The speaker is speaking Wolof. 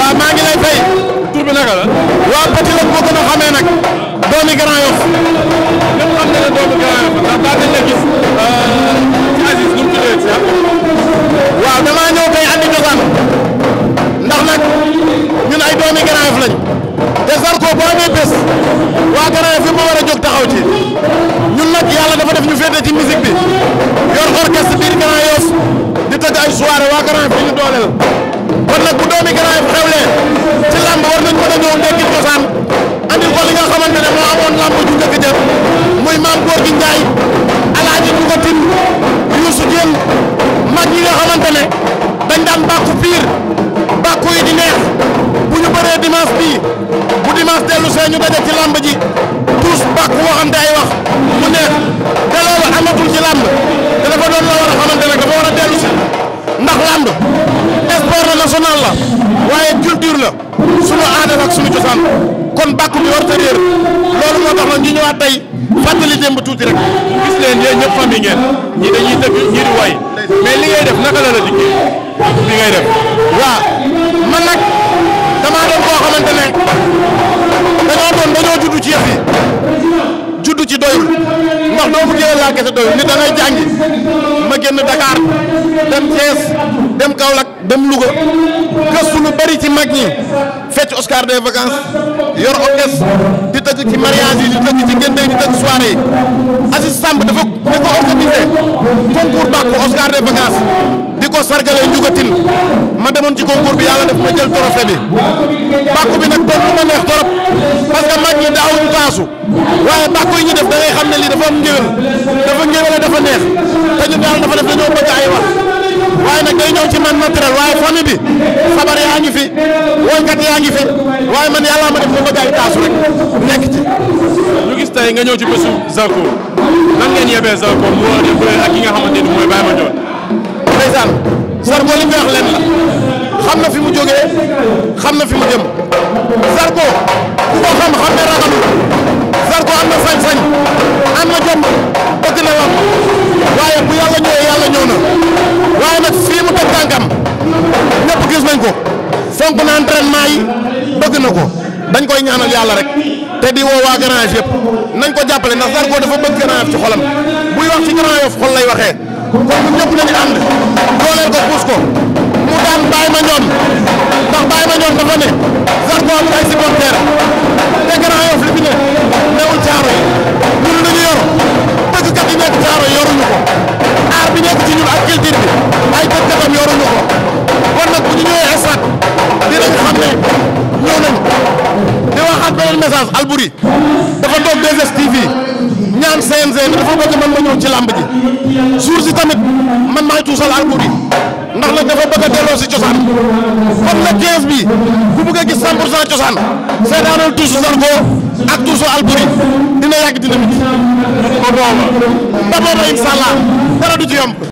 waaw maa ngi lay fay. la. waaw Petit Lô moo gën a doomi Grand Yoff. ñëpp xam nañ doomi Grand Yoff ndax daan euh, nañ doomi Grand Yoff lañ. te Zarko boo amee bés. waa Grand Yoff fi mu war a taxaw ci. ñun nag yàlla dafa def ñu féete ci musique bi. maam góor gi Ndiaye alaaji bu ko tin Youssou Dieng mag ñi nga xamante ne dañ daan bàkku piir bàkku yi di neex bu ñu bëree dimanche bii bu dimanche dellu see ñu daje ci lamb ji tous bàkku waxante ay wax mu neex te loolu amatul ci lamb te dafa doon la war a xamante ne war a dellu si ndax lamb sport national la waaye culture la sunu aada ak sunu cosaan kon bàkku bi war ta loolu moo tax nag ñu tey fàttali démb tuuti rek gis leen yéen ñëpp famille ngeen ñii dañuy tëgg ñii di way mais li ngay def naka la la dikkee li ngay def waaw man nag damaa doon koo xamante ne dañoo doon dañoo juddu ci yëf yi juddu ci doyul ndax doomu géwél laa kese doyul nit da jàngi ma génn Dakar dem Thiès dem Kaolack dem Louga gëstu lu bari ci mag ñi fecc Oscar des vacances yor orchestre di tëgg ci mariage yi di tëgg ci gënde di tëgg soirée yi Aziz Samb dafa di ko organisé concours bàkku Oscar de vacances di ko sargalee njugatin ma demoon ci concours bi yàlla def ma jël trophée bi bàkku bi nag doon lu ma neex torop parce que mag ñi daawuñu taasu waaye bàkku yi ñu def da ngay xam ne lii dafa am ngéwél dafa ngéwél dafa neex te ñu daal dafa def ñëw ci man naturel waaye famille bi sabar yaa ngi fi yaa ngi fi waaye man yàlla ma def ma bëgg ay nekk ci. ñu gis tey nga ñëw ci bésu Zarko nan ngeen yebee Zarko a def bëre ak ki nga xamante ni mooy Baye Mandione. ndeysaan Zarko li mu wax leen la xam na fi mu jógee xam na fi ma jëm Zarko ku ko xam xam ne na ko dañ koy ñaanal yàlla rek te di woo waa Grand Yoff yëpp nañ ko jàppale ndax Zarko dafa bëgg Grand Yoff ci xolam buy wax ci Grand Yoff xol lay waxee kon ñun ñëpp nañu ànd dooleel ko puus ko mu daan bàyyi ma ñoon ndax bàyyi li fi ne newul caaro yi ñun lu ñu yor tëggkat yi nekk caaro yi yoruñu ko aar bi nekk ci ñun ak culture bi ay tëggkatam yoruñu ko kon nag bu ñu ñëwee esat dinañ xam ne beneen message Albouri dafa toog 2STV ñaan CNG bi dafa bëgg man ma ñëw ci làmb ji jour si tamit man maay tuusal Albouri ndax nag dafa bëgg a delloo si cosaan kon la 15 bi bu bëgg a gis 100 pour cent cosaan seetaanal tuusu Zarko ak tuusu Albouri dina yàgg dina mujj. kon waaw ba booba incha allah dara du ci yomb.